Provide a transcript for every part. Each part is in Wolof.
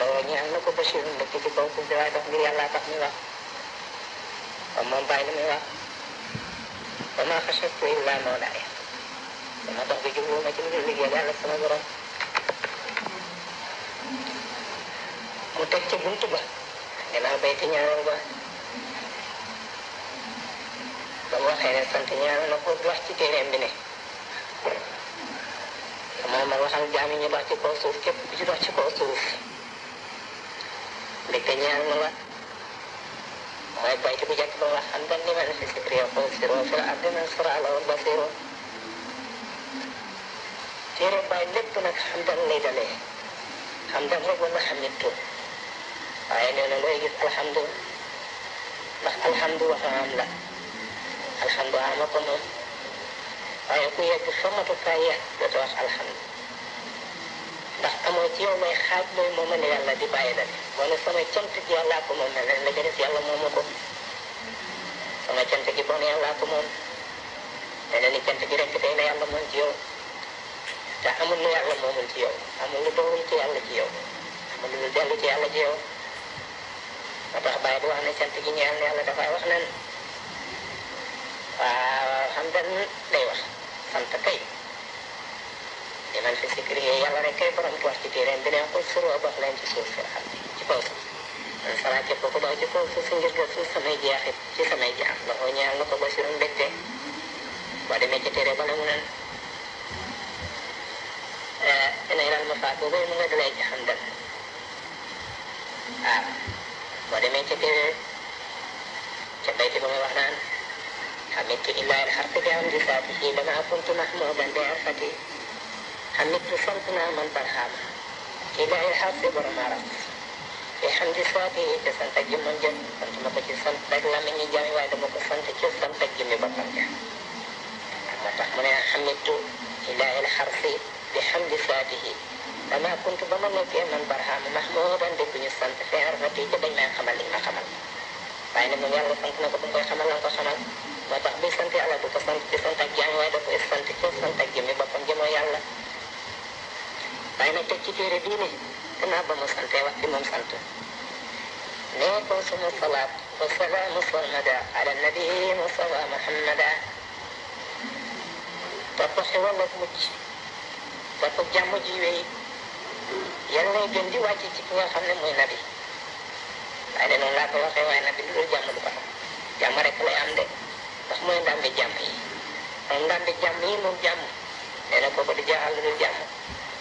lawoo ñeel na ko Bachirou mbokk ci kaw suuf si waaye tax ngir yàlla tax muy wax moom bàyyi la muy wax ba maa xasatu illaa mawlaaya dama tax bi jubluwuma ci lu dul liggéeyal yàlla sama borom mu teg ci bunt ba gannaaw bayti ñaareel ba ba mu waxee ne sant ñaareel na ko wax ci téeréem bi ne moom man waxal jaam yi ñu dox ci kaw suuf képp ku dox ci kaw suuf Likanya ang Baik itu kebijakan kebawahan dan di mana sisi kriya pengisiro Surah adin dan basiro baik lip tunak hamdan ini dale alhamdulillah alhamdulillah Alhamdulillah amakono semua ndax amoo ci yow may xaaj mooy moo mën yàlla di bàyyi la moo ne sama cant gi yàllaa ko moom na leen la jëres yàlla ko sama cant gi bon yàllaa ko moom te ne ni cant gi rek day la yàlla moom ci yow te amul lu yàlla moomul ci yow amul lu doowul lu dellu ci yàlla ci yow moo tax bàyyi di wax ne cant gi wax nan waaw xam dan day wax lanci sikiri yo walla ya, rek kay borom wakkitire en bene ko suru abak lanci suuf ci kaw sala ci ko ba ci kaw suuf ngir gëstu samay jeexit ci samay jaam la ko ñaan la ko ba suru mbekte ba demee ci tere ba la mu naan ina ilal mafaat boobu mu nga dalay jaxandal waaw boo demee ci tere ca bayti ba muy wax di dama kuntu mahmudan bi arfati حمدت صمتنا من برهام إلهي حافظ برمارك te xam a soit yi te sant ak jëmm jëm sant ma ko ci sant ak lami ñi jaam waaye dama ko sant ci jëmmi tax mu ne xam di soit yi dama kuntu ba ma nekkee man barhaamu mahmuudan di bu ñu sant fi arfati ci dañ may xamal li ma xamal waaye ne moom yàlla sant na ko bu koy xamal la ko xamal moo tax buy sant yàlla du ko sant ci yàlla waaye nag teg ci téere bii ne dinaa ba mu sante wax ci moom sant nee suma salaat wa salaamu sarmada ala nabii Mustafa Muhammada xam ne muy nabi waaye de noonu laa ko waxee waaye nabi lu dul jàmm du ko jàmm rek lay am de ndax mooy ndàmbi jàmm yi moom ndàmbi jàmm yi moom jàmm nee na kooku di jaaxal lu dul jàmm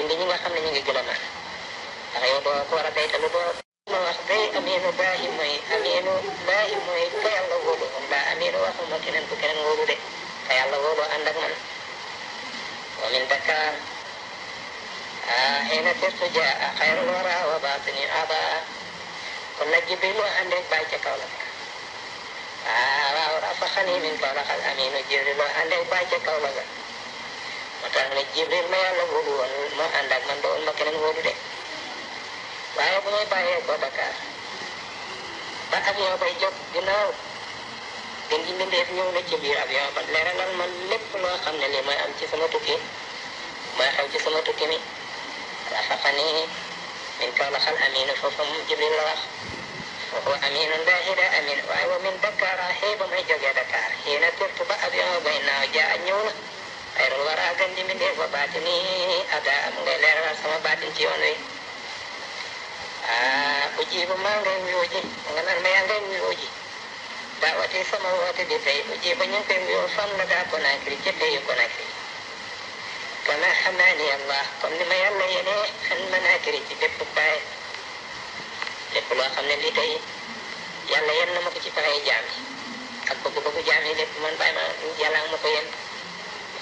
indingi nga xam ne ñu ngi gën a naan ndax yow doo ko war a day te lu doo ma wax day amiinu baahi mooy amiinu baahi mooy ko yàlla wóolu ko mbaa amiinu waxuma keneen bu keneen wóolu de te yàlla wóolu ànd ak man wa min dakar حين سرت جاء خير الورى وباطن أبا قلنا جبريل وعندك moo tax ne Jibril ma yàlla wóolu moo ànd ak man doon ma de waaye bu may bàyyee ko Dakar ba avion bay jot ginnaaw gën ji mbindeef ñëw na ci biir avion ba leeralal man lépp loo xam ne lii am ci sama tukki mooy xew ci sama tukki mi rafaqani min kawlaxal aminu foofu mu Jibril la wax wa aminu dahira amin waaye wa min Dakar xëy ba may jógee Dakar xëy na ba avion bay naaw jaa ñëw na xayrul wara gën ji mbindeef ada mu ngay sama batin ci yoon wi ah uji ji bu maa ngay wuyoo ji nga naan ma yaa ngay wuyoo ji daawati sama woote di tey uji ji ba ñu ngi koy wuyoo fan la daa Conakry ca tey Conakry kama xamaani allah comme ni ma yàlla yenee xan manaakiri ci bépp paye lépp loo xam li tey yàlla yen na ci paye jaam ak bëgg man ma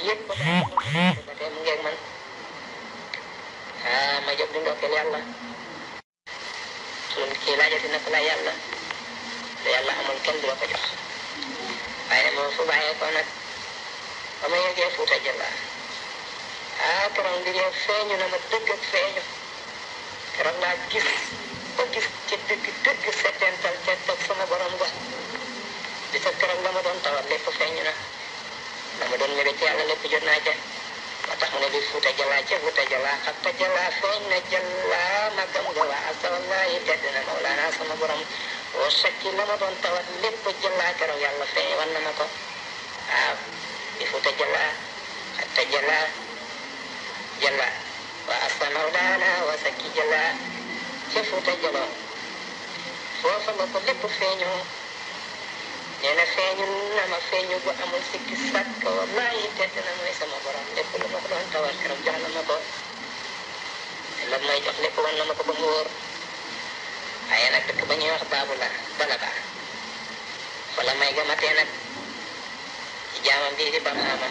yëpp ba tey mu ngeeg man ah ma jóg di ndokkeel yàlla suñ kii laajati na ko la yàlla te yàlla amul kenn du la waaye moom fu bàyyee ko nag ba ma yeggee Fuuta ah keroog mbir yee feeñu na ma dëgg feeñu keroog laa gis ba la ma doon tawal lépp feeñu na. dama doon ñebe ci yàlla lépp jot naa ca moo tax mu ne bi fuuta jalaa ca fuuta jalaa xam ta jalaa feeñ na jalaa magam ga waa ak wallahi tedd na mawlaana sama borom ma doon o lépp jalaa keroog ta jalaa jalaa waa asta mawlaana wa sakki jalaa ca ko lépp feeñoo nee na feeñu na ma feeñu bu amul sikki sàkk tedd na mooy sama borom lépp lu ma ko doon tawal keroog jox na ma ko lam may jox lépp wan na ma ko ba mu wóor waaye nag dëkk ba ñuy wax baabu la bala may gamatee nag ci jaamam bii di baraama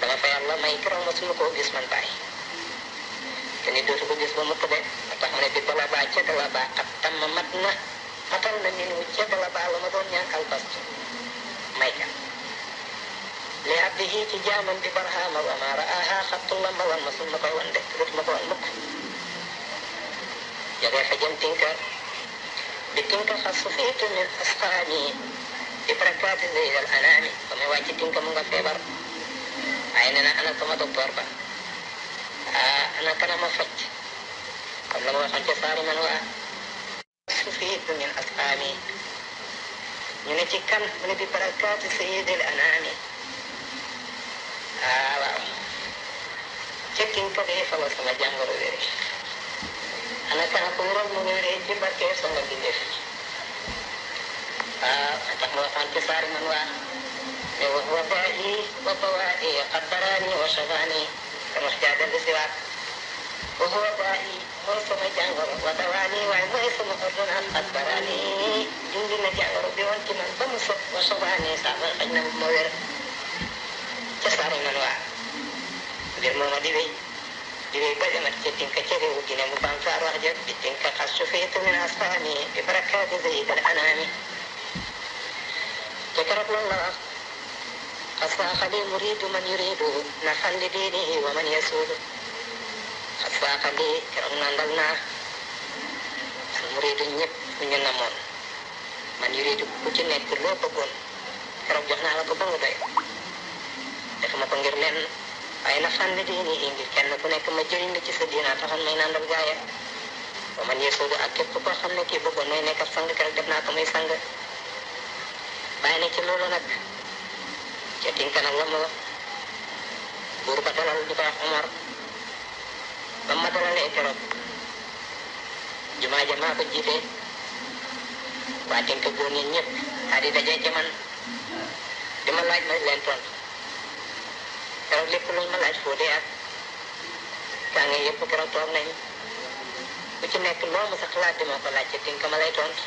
dama fay yàlla may keroog ma suma koo gis man bàyyi te ni dootu ko gis ba mukk tax ne bala ca tam mat na akan lenin wicce bala bala ma don nyan lihat bas mayka jaman di barha ma mara aha khatullah ma masuk masul ba wa ndek rut Jadi ba nuk ya ga fa jam tinka asfani di prakati ini al anami ko me wati tinka mo nga febar na sama doktor ba Anak ana kana kalau fajj kam la يستفيد من أطعامه ينجكم من ببركات سيد الأنام آه cikin kada ya fawa sama jangoro dere ana kan kuuro mo ngere ci barke so ah tak mo tan ci sar man wa shabani وهو دائي ليس مجعور ودواني وليس مخرج قدراني جندي مجعور بيونك من بمسك وشباني صعب قلنا ممور تصار من واع بالمونا دبي دبي بدمت جتنك كده وجنا مبانفار وحجر جتنك قصفيت من أصفاني ببركات زيد الأنامي ذكرت الله أصلاح لي مريد من يريد نفا لدينه ومن يسوده Asakali kaunandal na muridu ñep ñu namon man yuridu ku ci nekk lo bëggoon keroog jox naa la ko ba nga doy defuma ko ngir na fànn diini yi ngir kenn ku nekk ma jëriñ la ci may nandal gaaya ba man yeesoogu ak képp koo xam ne may na nag di omar ba matalalee keroog jumaa ja maa ko jiite waa tënk góor ñi ñëpp daa di daje di ma laaj ma leen tontu keroog lépp luñ ma laaj fóote ak saa ngi yëpp keroog toog nañ ku ci nekk loo mu sa xalaat di ma ko laaj ci tënk ma lay tontu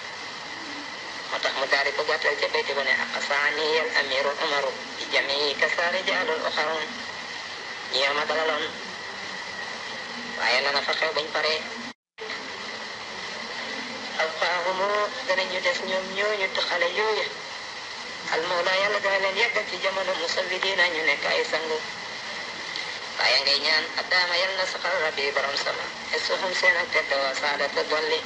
moo tax mu daal di ko gàttal ca béykat ne ak saani yal amiru umaru bi jami kasaari jaalul oxaroon ñi ma dalaloon waaye la nga fa xew bañ paree aw xaaxumu danañu des ñoom ñooñu xale yooyu almawla yàlla dana leen yàggal ci jamono musawidiina ñu nekk ay sangu waaye ngay ñaan addaama yal na saxal rabbi borom sama e eh, suxum seen ak tedd wa saada te dolli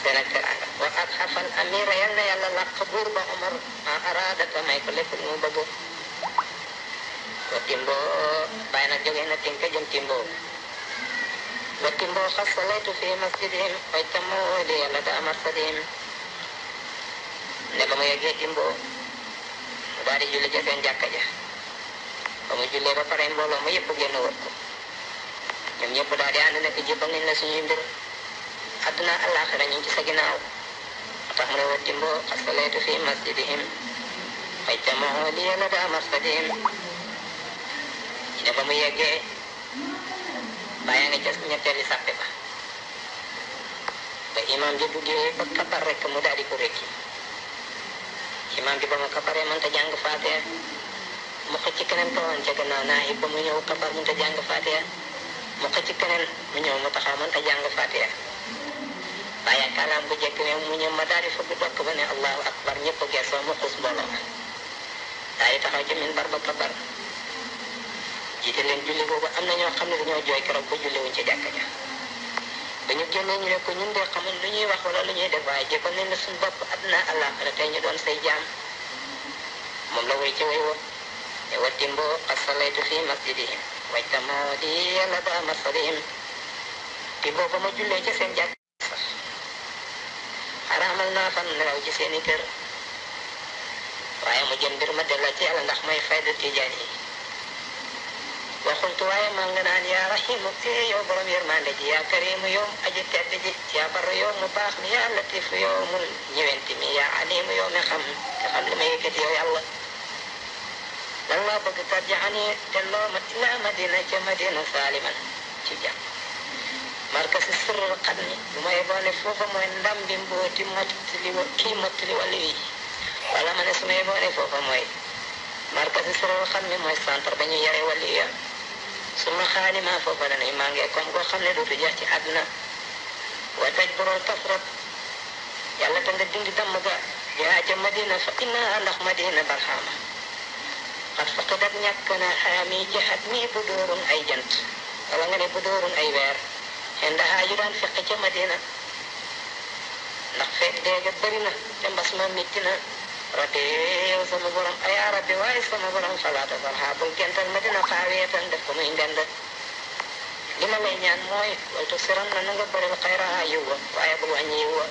seen ak ah, teraanga wa xafal amira yàlla làq buur ba omar ma araada ah, may ko lépp mu bëgg wa timbo bàyyi nag jógee na tin ka jëm timbo wa timbo fi masjidihim xoj tamu di yàlla da amar sadihim ne ba mu yeggee timbo mu di julli ja seen jàkka ja ba mu jullee ba pare mbooloo mu yëpp génn wër ko ñoom ñëpp daal di ànd nekk jëbbal nañ la suñuy mbir àdduna àllaaxira ñu ngi ci sa ginnaaw tax mu ne wa da amar sadihim Ya mau ya ge. Bayang aja punya cari sampai pak. Pak Imam di bugi hebat kapar reka muda di kureki. Imam di bawah kapar yang mantan jangan kefati mau Muka cikanan pohon jaga nana nah, ibu menyewa kapar mantan jangan kefati ya. Muka cikanan menyewa mata kapar mantan jangan kefati ya. Bayang kalam bujak kini menyewa madari sebut waktu mana Allah akbar nyepuk ya semua kusbolong. Nah, Tadi tak hajimin barba kapar. jiite leen julli boobu am na ñoo xam ne dañoo jooy keroog ba julli wuñ ci jàkka ja dañu génnee ñu ne ñun dee xamul lu ñuy wax wala lu ñuy def waaye jékkoon nañ ne suñu bopp ab naa àllaaxira tey ñu doon say jaam moom la woy ci woy di yàlla ba masarihim timboo ba ma jullee ca seen jàkk sax xaraamal naa fan nelaw ci seeni kër waaye mu jën mbir ma delloo ci yàlla ndax mooy fayda tijaan yi وقلت واي مانغنان يا رحيم افتي يا برم يرمانج يا كريم يوم أجت أبجت يا بر يوم مباخ يا لطيف يوم نيوانتمي يا عليم يوم خم تخلو ميكت يا الله لما بقت ترجعني تلو متنا مدينة كمدينة سالما شجع مركز السر القدمي وما يبالي فوق من دم بمبوتي متلي وكي متلي ولي ولا من اسمه يبالي فوق موي مركز السر القدمي موي سانتر بني يري ولي su ma xaani maa foofa danay màngee comme koo xam ne dootu jeex ci àdduna wa taj boroo tafrot yàlla te nga dindi damm ga yaa ca madina ndax madina barxaama xat faqidat ñàkk na xaami ci xat mii bu dóorun ay jant wala nga ne bu dóorun ay weer te ndaxaa yu daan feqi ca madina ndax fekk dégg bëri na te mbas ma métti rabbi yow sama borom ayaa rabbi waaye sama borom salaata farxa bul gental ma dina faa weetan def ko muy ndend li ma lay ñaan mooy wal tuksiran na nga bëril xayraha yiw wa waaye bul wàññi na wa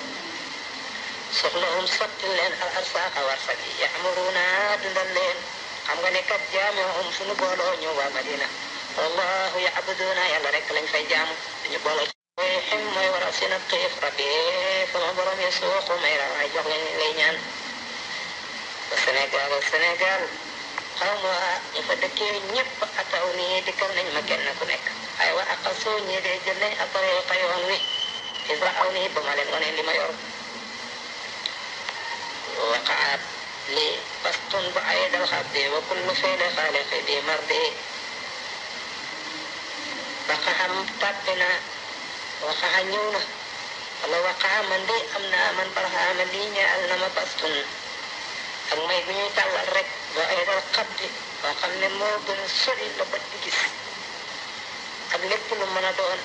soxlahum sotti leen al arsaaqa warsa bi ya'muruna dundal leen xam nga ne kat jaamuhum suñu booloo ñu waa Madina wallahu ya'buduna yàlla rek lañ fay jaamu ñu booloo mooy waral seen jox leen lay ñaan Senegal, Senegal. Hawa, ifadakiyo nyip atauni dikal na magyan na kunek. Aywa akaso nye de jene atayo kayo ang ni. ci Iba ang ni bamalan ko ni mayor. Wakaat li pastun ba ay dal habde wa kullu fele khaliq di mardi. Baka hampat na wakahanyo na. Kalau man de amna aman parhaman di niya al na ma Pastun. allah bi tawal rek wa ayral qabdi wa xamne mo gën sori la ba di gis ak lepp lu mëna doon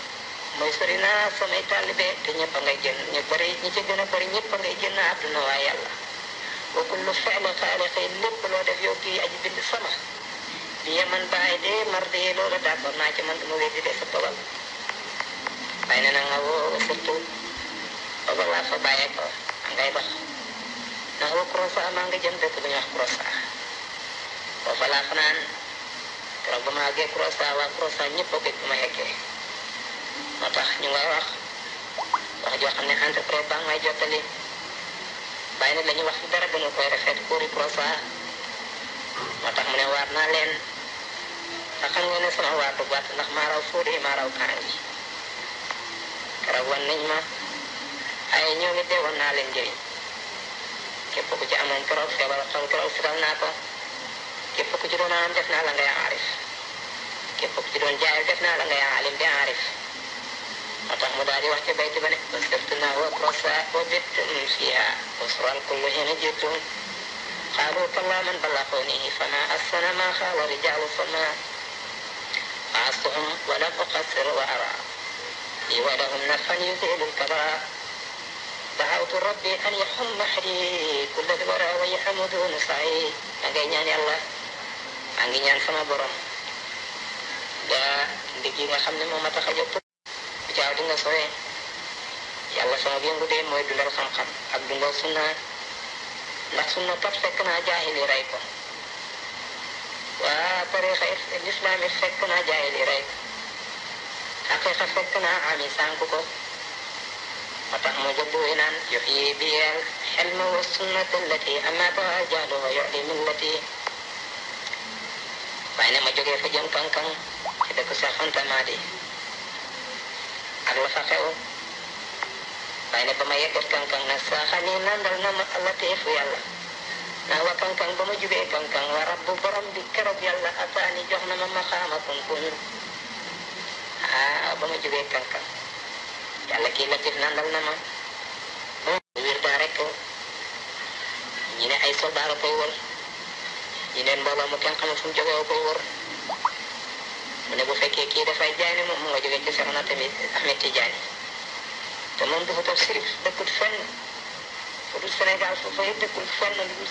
moy sori na samay talibé te ñepp ngay jël ñu bari ñi ci gëna bari ñepp ngay jël aduna wa yalla wa kullu fi'lin def yow aji bind sama biya man baay de mar de lolu da ko ci man dama wéddi def tobal bay na nga wo surtout tobal fa ko ngay dox Nahu krosa amang kejam jantai tu banyak krosa. Wafalaknan, kalau bumage krosa, ya, kan wak krosa nyepok itu mayake. Matah nyungawak, yang jokan nekan aja ngay jatali. Bayani lenyi wak darah gunung kue refet kuri krosa. Matah menewar nalen. Takkan ngayani sama wadu buat nak marau suri, marau kain, Kerawan nyima, ayo nyungi dewan nalen jayi képp ku ci amoon preuve yabal sama preuve fugal naa ko képp ku ci doon am def naa la ngay aarif képp ku ci doon jaayal def la alim wax ci ne wa prosa wa bitt fiha usran kullu hina jitum قالوا كلا من بلغونيه فما أحسن ما خال رجال فما أعصهم ولم أقصر وأرى Da'autu Rabbi an yahum mahdi Kubat bara wa yahamudu nasai ni Allah Anginya sama borong Da Bigi nga xam ne mata xajo pour Jaaw sore Yàlla sama bi ngu dee mooy dundal xam-xam Ak dundal sunna Ndax sunna pat fekk naa وتعمد بوهنا يحيي بها العلم والسنة التي أماتها جعلها يعلي ملتي waaye nag ma jógee fa jëm kankang allah dëkk saxanta maadi ak la fa xew waaye nag allah ma yeggat kankang nag saaxani nandal na ma alla teefu yàlla naa wa kankang ba ma ah ba ma jubee yàlla kii latif nandal na ma moom wér daa rek ñi ne ay soldaar a koy wër ñi ne mbooloo mu kenn xamul fu mu jógee koy wër mu ne bu fekkee kii dafay jaay ne moom mu nga jógee ci Seexuna te moom dafa toog sirif dëkkut fenn fu dul Sénégal foofu yëpp dëkkul fenn lu dul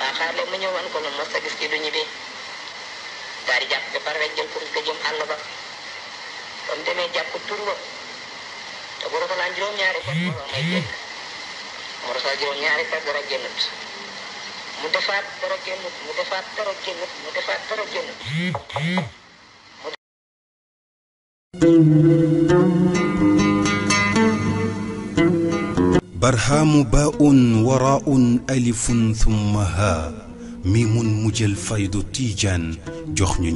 waa xaar leen ma ko lu mos a gis kii du ñibbi daal di jàpp ba pare jël kuréel ga àll ba ba mu demee jàpp tur ba te bu rafetlaan ñaari kat may ñaari dara mu defaat dara mu defaat dara برهام باء وراء ألف ثم ها ميم مجل فيض تيجان جخن